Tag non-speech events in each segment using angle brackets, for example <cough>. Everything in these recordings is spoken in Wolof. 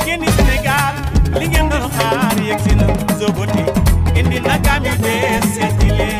jigéen ñi Sénégal li ngeen doon xaar yegg si na Zoboti indi na kami bees seeti leen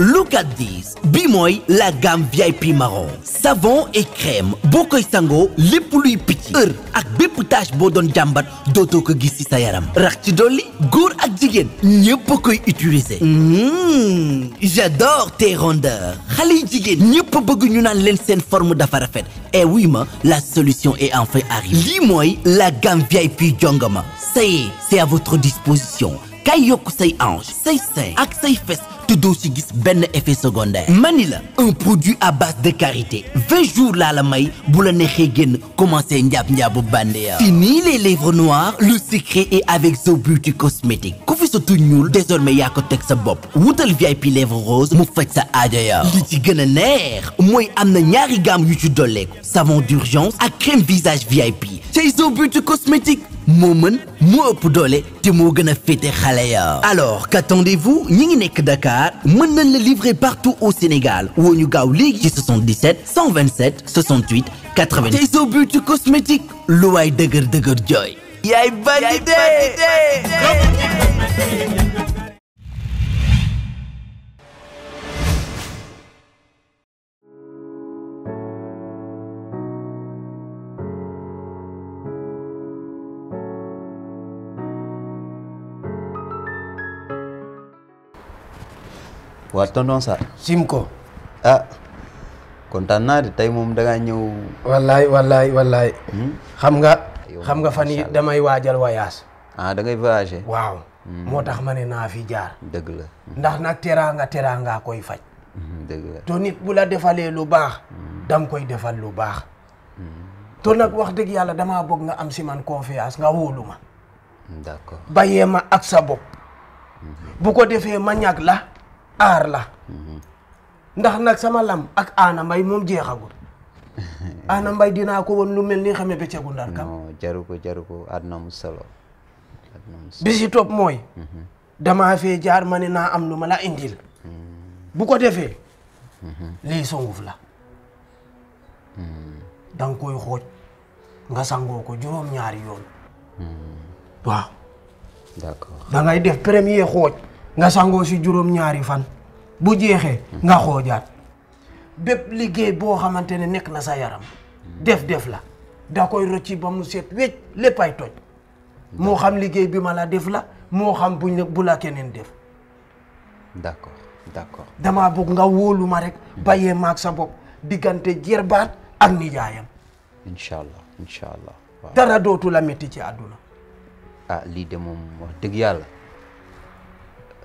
Look at this bi la gamme VIP marron savon et crème Boko koy sangoo lépp luy Ur, ak bépp tache boo doon jàmbat dootoo ko gis ci sa yaram rax Gour dolli góor ak koy hmm. j'adore tes rondeurs Khali jigen, jigéen ñépp bëgg ñu naan leen forme à rafet Eh oui ma la solution est enfin arrivée li la gamme VIP jongama ça y est c'est à votre disposition kay yokk say ange say sein ak say fes te doo ci gis benn effet secondaire Manila, un produit à base de carité. 20 jours laa la may bu la neexee génn commencé njaab-njaabu bandeya fini les lèvres noires le secret est avec Zo Beauty cosmétique ku fi sa tuñ ñuul désormais yaa ko teg sa bopp wutal VIP lèvres roses mu faj sa aajo ya li ci gën a neex mooy ñaari gamme yu ci savon d'urgence ak crème visage VIP C'est Zo Beauty cosmétique moo mën moo ëpp doole te moo gën a féete xale ya alors qu'attendez-vous ñi ngi nekk Dakar mën nañ la livrer partout au Sénégal woo ñu gaaw léegi ci 77 127 68 80 tey soo beauty cosmétique lu waay dëgër dëgër jooy yaay bandi de waa tonton sim ko. ah kontaan naa de tey moom dangaa ñëw. wallaay wallaay wallaay. Hmm? xam nga. xam nga fan yi damay waajal voyage. ah da ngay voyager. waaw. Hmm. moo tax ma ne naa fi jaar. dëgg la. Hmm. ndax nga teraanga nga koy faj. dëgg la te nit lu baax. dam koy defal lu baax. to nag wax dëgg yàlla damaa bëgg nga am si man confiance nga wóolu ma. d'accord bàyyee ma ak sa bopp. bu ma ñàkk la. aar la ndax nag sama lam ak Ana Mbaye moom jeexagul <laughs> Ana Mbaye dinaa ko woon lu mel ni xame bëccëgu ndar kam jaru ko jaru ko àdduna mu solo bi si mooy mhm. damaa fee jaar ma ne naa am lu ma la indil mhm. bu ko defee mhm. lii sunguf la danga koy xooj nga sangoo ko juróom ñaari yoon waaw d'accord ngay def premier xooj nga sango si jurom ñaari fan bu jexé nga xojaat bép liggéey bo xamante nek na sa yaram def-def la da koy rocci ba mu set wécc léppay toj mo xam liggéey bi mala def la mo xam buñ bu la kenen def d'accord d'accord dama bëgg nga woluma ma rek bàyyee maag sa bop diggante jerbaat ak nijaayam inshallah allah allah dara dootu la metti ci aduna ah li de mom wax deug yalla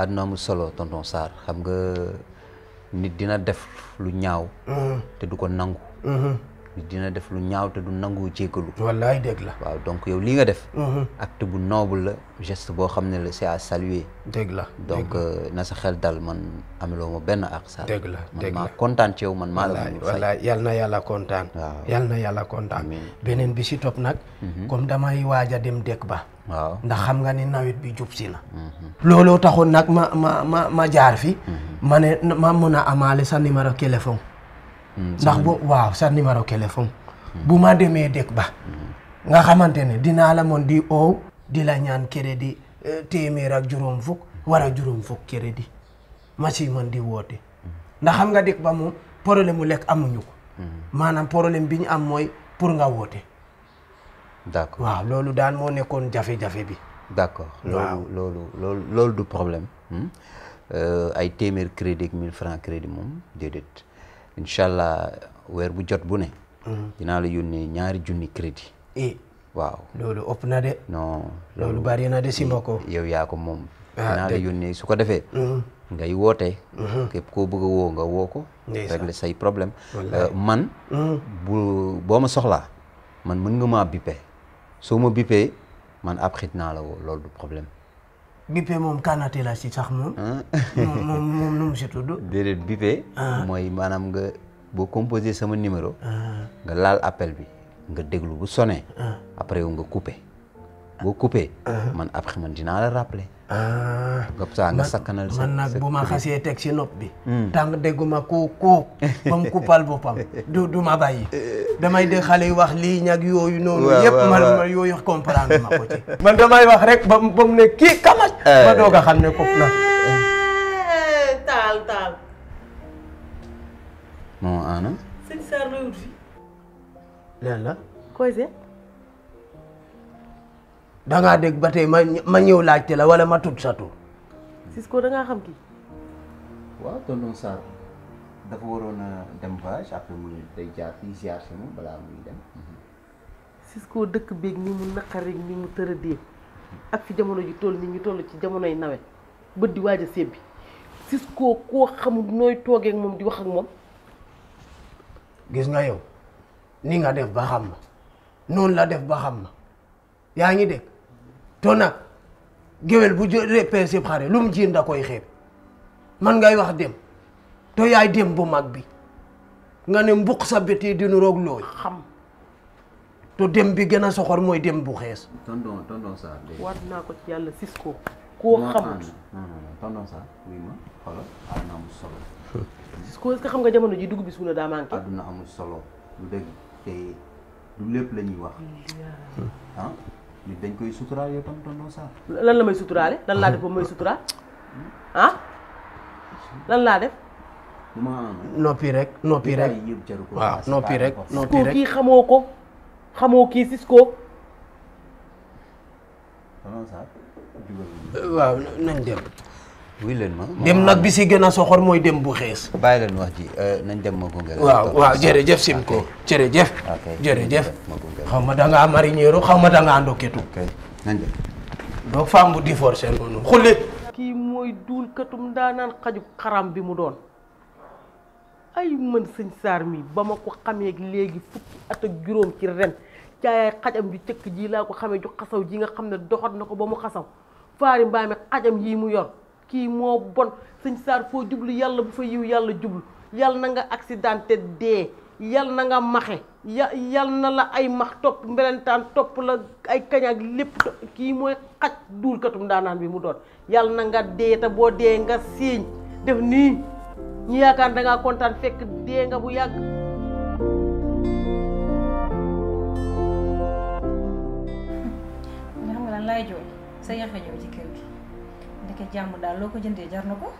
àdduna amul solo tonton Sarr xam nga nit dina def lu ñaaw uh-huh. te du nangu uh-huh. dina def lu ñaaw te du nangu jéggalu wallaay dégg la waaw yow lii nga def mm-hmm. acte bu noble la geste boo xam ne la c'est à saluer dégg la donc euh, na sa xel dal man ameloo ma benn ak sa dégg la man maa kontaan ci man maa la wallaay yal yàlla kontaan waaw yàlla kontaan beneen bi si topp nag mm-hmm. comme damay waaj a dem dëkk ba waaw ndax xam nga ni nawet bi jub si na mm-hmm. looloo taxoon nag ma ma ma ma jaar fi ma ne ma mun a amaale sa numéro téléphone Hmm, ndax bo waaw sa numéro téléphone bu ma demee dëkk ba nga xamante ne dinaa la moon di oow di la ñaan crédit euh, téeméer ak juróom fukk war a juróom fukk crédit ma si di woote ndax xam nga dëkk ba moom problème mu lekk amuñu ko hmm. maanaam problème bi ñu am mooy pour nga woote d'accord waaw loolu daan moo nekkoon jafe-jafe bi d'accord loolu loolu loolu loolu du problème hmm. euh, ay téeméer crédit ak mille francs crédit moom déedéet incha allah weer bu jot bu ne. Mhm. dinaa la yónnee ñaari junni crédit. Eh. waaw loolu ëpp na de. moom. Ah, la yónnee su ko defee. Mhm. ngay woote. Mhm. képp koo bëgg a woo nga woo ko. say problème. Euh, man. bu boo ma soxlaa man mën nga bippee soo ma bippee man ab xit naa la woo loolu du Bippé moom kaanate la si sax moom. moom moom nu mu si tudd. déedéet Bippé. Ah. mooy maanaam nga boo composé sama numéro. Ah. nga laal appel bi nga déglu bu sone ah. après yow nga coupé. boo coupé. man après man dinaa la rappeler. comme ah. ça man nag bu ma xasee teg ci nopp bi hmm. tàng dégguma koo koo ba mu kuppal boppam du du bàyyi damay de xale yu wax lii ñag yooyu noonu yëpp ma yooyu comprendre ma ko ci man damay wax rek ba mu ne kii kamat ba eh. doog a xam ne kopp na eh, taal taal moo ana da dégg ba tey ma ma ñëw laajte la wala ma tudd sa tur. Cisco da xam ki waaw tonton Sarr dafa waroon a dem voyage après mu day jaar fii dëkk beeg ni mu naqareeg ni mu tërëdee ak fi jamono ji toll ni ñu toll ci jamonoy nawet bët di waaj a sébbi Cisco koo xamul nooy toogee moom di wax ak moom. gis nga yow ni nga def ba xam ma noonu la def ba xam ma yaa ngi dégg. to nag géwél bu peesib xare lu mu jiin da koy xeeb man ngay wax dem to yaay dem bu mag bi nga ne mbuq sa beti dinu roog looy xam to dem bi gën a soxor mooy dem bu xees tonton tonton naa ko ci yàlla Cisco koo xamut tonton Sarr oui ma xoolal àdduna amul solo <laughs> xam nga jamono ji dugub bi suuna daa manqué amul solo lu wax dañ koy suturaal yow lan la may suturaale lan laa def ba may suturaal ah lan laa def. noppi rek noppi rek waaw noppi rek noppi rek kii xamoo ko xamoo kii Cisco. waaw nañ dem. wuy leen ma dem nag bi si gën a soxor mooy dem bu xees. bàyyi leen wax ji euh, nañ dem ma gunge la. waaw waaw jërëjëf Simko jërëjëf. ok jërëjëf. xaw ma da ngaa mariñeeru xaw ma da ngaa ndokketu. ok nañ dem. donc femme bu divorcé noonu xulli. kii mooy duul katum daanaan xaju xaram bi mu doon ay mën sëñ Saar mi ba ma ko xamee léegi fukki at juróom ci ren caayaay xajam ju cëkk ji laa ko xamee ju xasaw ji nga xam ne doxat na ko ba mu xasaw faari mbaami xajam yi mu yor. ki mo bon sëñ sar fo djublu yalla bu fa yiw yalla djublu yalla na nga accidenté dé yalla na nga maxé yalla na la ay max topp mbelentaan top la ay kañaak lepp ki moy xat dul katum danan bi mu doot yalla na nga dé ta bo dé nga siiñ def ni ñi yaakaar da nga contane fekk dé nga bu yag nga xam sa yaxe jooy ci nekkee jàmm daal loo ko jëndee jar na ko.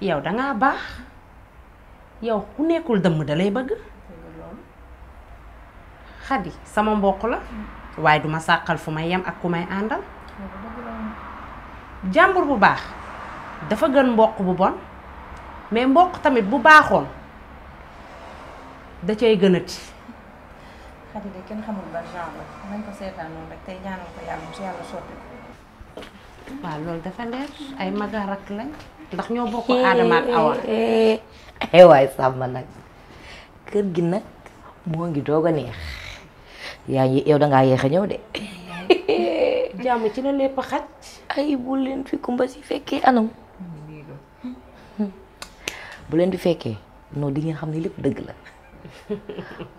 yow dangaa baax yow ku nekkul dëmm da lay bëgg. xadi sama mboq la. waaye duma sàqal fu ma yem ak ku may àndal. jàmbur bu baax dafa gën mboq bu bon mais mboq tamit bu baaxoon da cay gënati. xadi de kenn xamul ban genre la nañ ko seetaan noonu rek tey ñaanal ko yàlla sotti ko. waaw loolu dafa leer ay mag ak rakk lañ ndax ñoo bokk aadama eh, ak awa eh, eh. ay nag kër gi nag moo ngi doog a neex yaa ngi yow dangaa yeex a ñëw de jàmm ci la lépp xaj ay bu leen fi kumba si fekkee anam bu leen di fekkee non di ngeen xam ne lépp dëgg la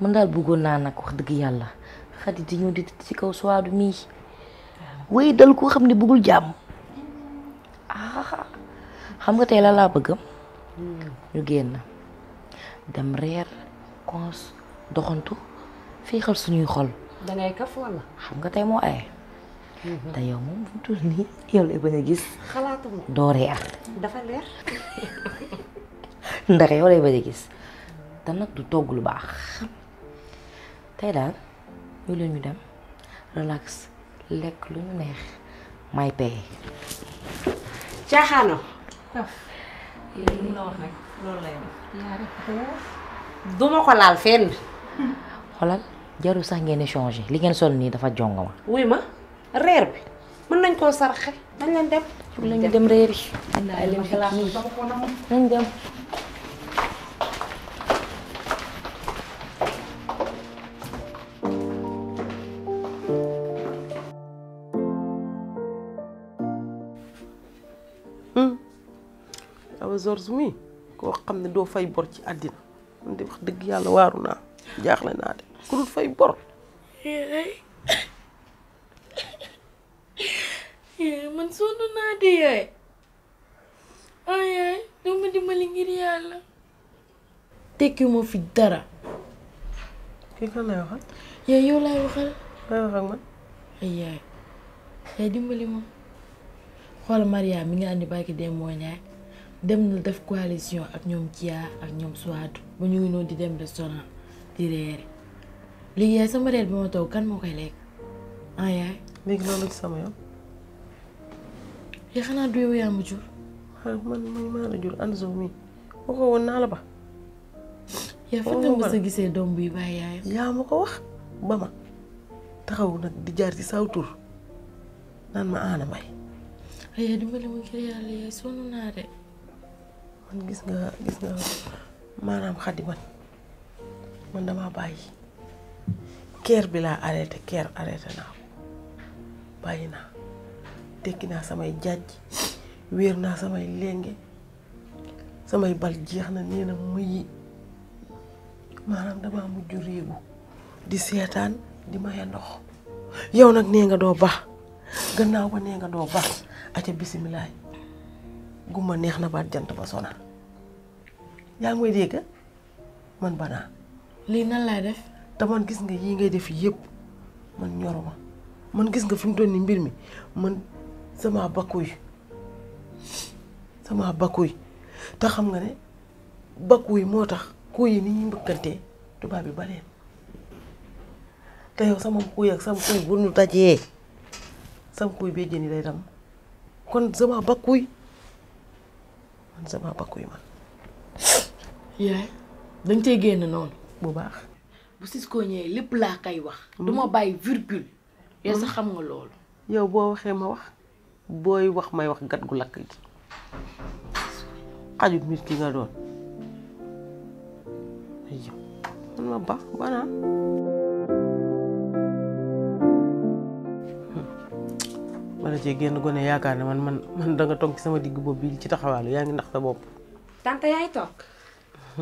man daal bëggoon naa nag wax dëgg yàlla xadi di di ci kaw suwaadu mii way dal ko xamni jam, jam ah xam nga tay la la bëggam ñu genn dem reer kons doxantu xal suñuy xol da ngay kaf wala xam nga tay mo ay da mhm. yow moom bu tu ni yow lay bëna gis xalaatuma do reer dafa leer ndax yow lay bëna gis da nak du togg lu baax tay da ñu leen ñu dem relax lekk lu ñu neex may pay caaxaano li la duma ko laal fenn xoolal jarul sax ngeen échangé li ngeen sol nii dafa jong ma wuy ma reer bi mën nañ koo saraxe dañ leen dem pour lañu dem reer yi dem George mi ko xamne do fay bor ci adina man di wax deug yalla waruna jaxle na de ku dul fay bor yaay man sonn naa de yaay ah yaay doo ma dimbali ngir yàlla tekki ma fi dara kii kan lay waxal yaay yow laay waxal lay wax ak man ay yaay yaay dimbali ma xool Maria mi nga andi barki dem moo dem na def coalition ak ñoom Kia ak ñoom Suwaadu ba ñu ngi di dem restaurant di reere léegi yaay sama reer bi ma toog kan moo koy lekk ah yaay. léegi loolu sama yoon. yaa xanaa du yaa ma jur. ah la jur naa la ba. yaa fan nga mës gisee doom bi bàyyi yaayam. yaa ma ko wax ba ma taxaw nag di jaar ci saw tur naan ma aana may. yaay dimbali ma ngir yàlla yaay sonn naa de. gis nga gis nga maanaam xaddi man man dama bàyyi keer bi laa arrêté keer arrêté naa ko bàyyi naa tekki naa samay jàjj wéer naa samay lenge samay bal jeex na nee na maanaam dama mujj réegu di seetaan di maye ndox yow nag nee doo baax gannaaw ba nee nga doo baax aca bisimilaay gumma neex na baat jant ba sonal yaa ngi may dégg man banaa lii nan laay def te gis nga yii ngay def yëpp man ñoruma man gis nga fi mu toll ni mbir mi man sama bakkuy sama bakkuy te xam nga ne bakkuy moo tax kuy yi ni ñuy tubaab bi baleen te sama kuy ak sama bu nu dajee sama kuy bee jën yi day dam kon sama bakkuy man sama bakkuy man yaay dañ tey génn noonu bu baax bu Cisco ñëwee lépp laa koy wax mm. duma bàyyi virgule yow sax mm. xam nga loolu yow boo waxee ma wax booy wax may wax gat gu lakk gi xajut nit nga doon man ma baax banaan mana ci genn gone yaakaar man man man danga nga tonki sama digg bobu bi ci taxawal yaa ngi ndax sa bop tante yaay tok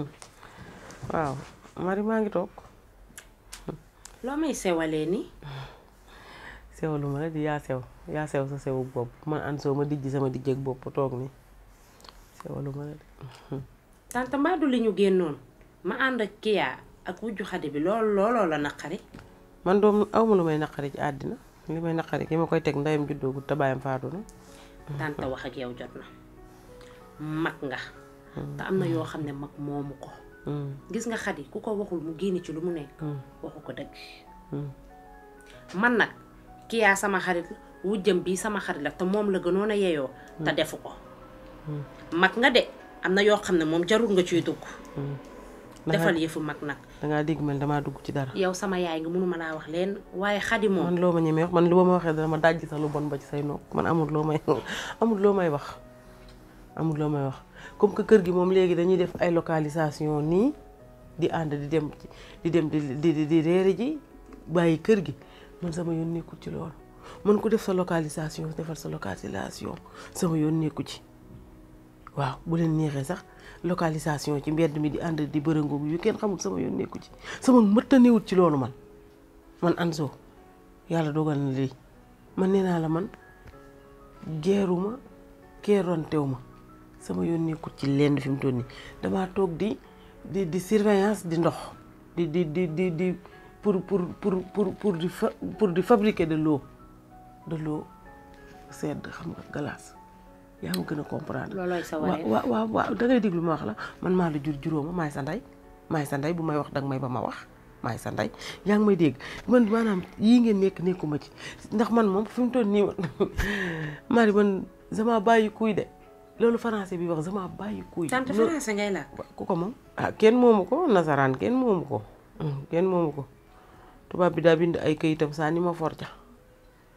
<laughs> waaw Mari maa ngi toog. Lo may sewale ni sewalu ma di ya sew ya sew sa sew bop man an so ma digg sama ak bop tok ni sewalu ma la tante mbaa du liñu gennon ma and ak kiya ak wujju xade bi lol looloo la nakari man dom awma lu may ci adina li may naqari ki ma koy teg ndeyam juddoogut te bàyyam faatu na. tànta wax ak yow jot na mag nga. Mm. te am na yoo xam ne mag moomu ko. Mm. nga xadi ku ko waxul mu génne ci lu mu nekk. Mm. waxu ko dëgg. man nag sama xarit wujjam bii sama xarit moom la gënoon a yeyoo. te defu ko. mag nga de am na yoo xam ne moom jarul nga ciy dugg. defal yëfu mag nag. dangaa dégg mel damaa dugg ci dara. yow sama yaay nga mënuma laa wax leen waaye xadi moom. man loo ma ñemee wax man lu ma waxee dama dajji sax lu bon ba ci say nopp man amul loo may amul loo may wax amul loo may wax comme que kër gi moom léegi dañuy def ay localisation nii di ànd di dem di dem di di di reere ji bàyyi kër gi man sama yoon nekkul ci loolu man ko def sa localisation defal sa localisation sama yoon nekku ci waaw bu leen neexee sax. localisation ci mbedd mi di ànd di bërëngoog yu kenn xamul sama yoon nekku ci sama mëtta néewut ci loolu man man Anso yàlla dogal na lii man nee naa la man geeruma keerontew ma sama yoon nekkut ci lenn fi mu toll nii dama toog di di di di ndox di di di pour pour pour pour pour di pour di fabriquer de loo de loo sedd xam nga glace yaa ma gën a comprendre. loolooy sa wareef waaw waaw lu ma wax la man maa la jur juróoma maay sa ndey maay sa ndey bu may wax dagg may ba ma wax maay sa ndey yaa ngi may dégg man maanaam yii ngeen nekk nekkuma ci ndax man moom fi mu toll ma mari man sama <laughs> bàyyi kuy de loolu français bi wax sama bàyyi kuy. tant français ngay làkk ku ko moom ah kenn moomu ko nasaraan kenn moomu ko mm, kenn moomu ko tubaab bi daa bind ay kayitam saa ni ma forca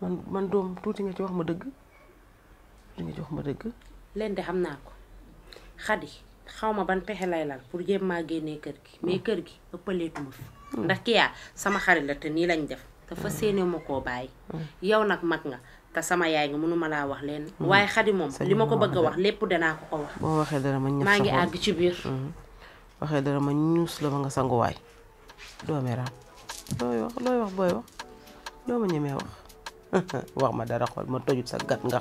man man doom tuuti nga ci wax ma dëgg. li nga jox ma dëgg. leen de xam naa ko xadi xaw ma ban pexe lay lal pour jéem maa génnee kër gi. mais kër gi ëppaleetu ma fi. Hmm. ndax ki yaa sama xarit la te nii lañ def. dafa hmm. séenee ma koo bàyyi. Hmm. yow nag mag nga te sama yaay nga mënuma laa wax leen. waaye xadi moom li ma ko bëgg a wax lépp danaa ko ko wax. waxee dara ma maa ngi àgg ci biir. waxee dara ma ñuus la ma nga sanguwaay. doo meeraam looy wax looy wax booy wax doo ma ñemee wax <laughs> wax ma dara xool ma tojut sa gat nga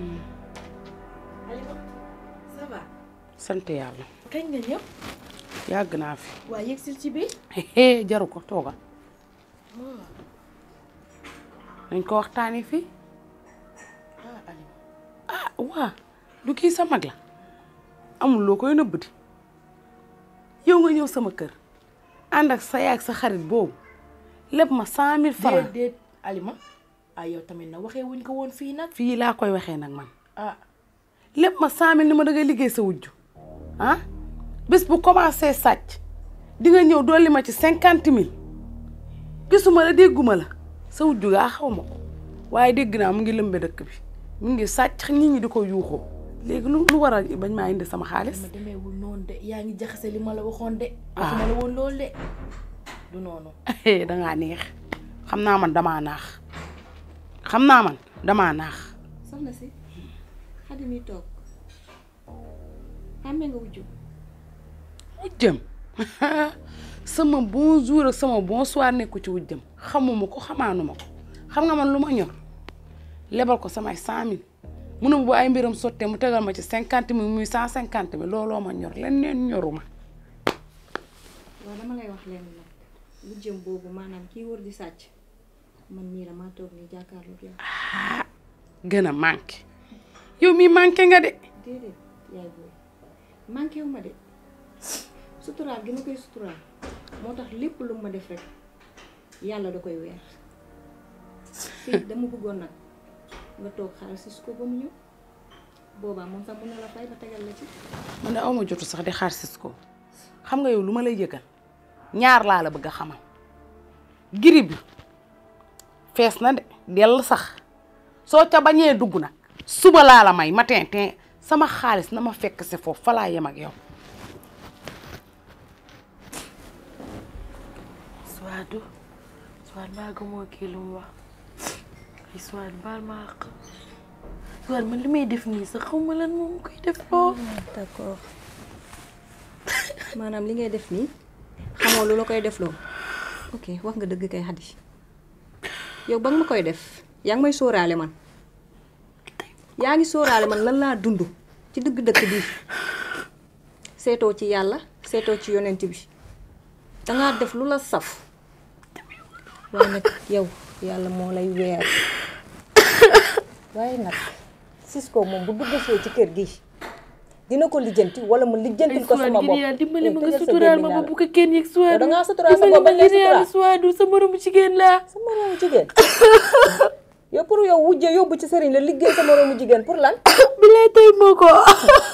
sant yàlla. naa fi. waaye yegsil ci biir. jaru ko toogal. dañ hmm. ko waxtaanee fii. ah, ah kii sa mag la. loo koy nëbbati. yow ñëw sama kër. ànd ak sa yaag sa xarit boobu. lépp ma cent mille francs. Ah, yow tamit na waxee ko woon fii nag. fii laa koy waxee nag man. ah lépp ma cent mille ni ma dangay liggéey sa wujju ah bés bu commencé sàcc di ñëw doo li ma ci cinquante mille gisuma la dégguma la sa wujju gaa xaw ma ko waaye dégg naa mu ngi lëmbe dëkk bi mu ngi sàcc nit ñi di ko yuuxoo léegi lu lu waral bañ maa indi sama xaalis. ma demeewul noonu de yaa ngi jaxase li ma la waxoon de. ah du noonu. <laughs> Eh, da ngaa neex xam naa man damaa naax xam naa man damaa naax. soxna si xàmmee nga wujjum wujjam <laughs> sama bonjour ak sama bonsoir nekku ci wujjam xamuma ko xamaanuma ko xam nga man lu ma ñor lebal ko samay cent mille mu ne bu ay mbiram sotte mu tegal ma ci cinquante mi muy cent cinquante mille looloo ma ñor leneen ñoruma. waaw dama lay wax leen maanaam kii wër di ah, gën a manqué yow mii manqué nga de. manqué ma de suturaal gi ma koy suturaal moo tax lépp lu ma def rek yàlla da koy weer si dama bëggoon nag nga toog xaaral si su ko boobaa moom sax mën na la fay ba tegal la ci. man de aw ma jotu sax di xaar ko xam nga yow lu ma lay yëgal ñaar laa la bëgg a xamal giri bi fees na de dell sax soo ca bañee dugg nag suba laa la may matin tin sama xaalis na ma fekk ci foofu fala yam ak yow suwaadu suwaad maa gëmoo kii lu mu wax ay swad bal ma ak swad man limay def ni sax xawma lan moom koy def loo ah, d'accord manam li ngay def ni xamoo lu la koy def lo ok wax nga deug kay hadith yow bang ma koy def yang may sóoraale man yaa ngi sóoraale man lan laa dund ci dëgg-dëkk bi seetoo ci yàlla seetoo ci yonent bi dangaa def lu la saf waaye nag yow yàlla moo lay weer waaye nag sisko moom bu duggasee ci kër gi dina ko lijjanti wala mu lijjantil ko sama bopp ay dimbali ma nga sutural ma bu ko kenn yek suwa da nga sutural sa bopp ba ngay sutural suwa du nga suwaadu sa moromu jigéen laa sa moromu jigéen <laughs> yow pour yow wujje yóbbu ci sëriñ la liggéey sa moroomu jigéen pour lan. bi lay tey moo ko. <laughs>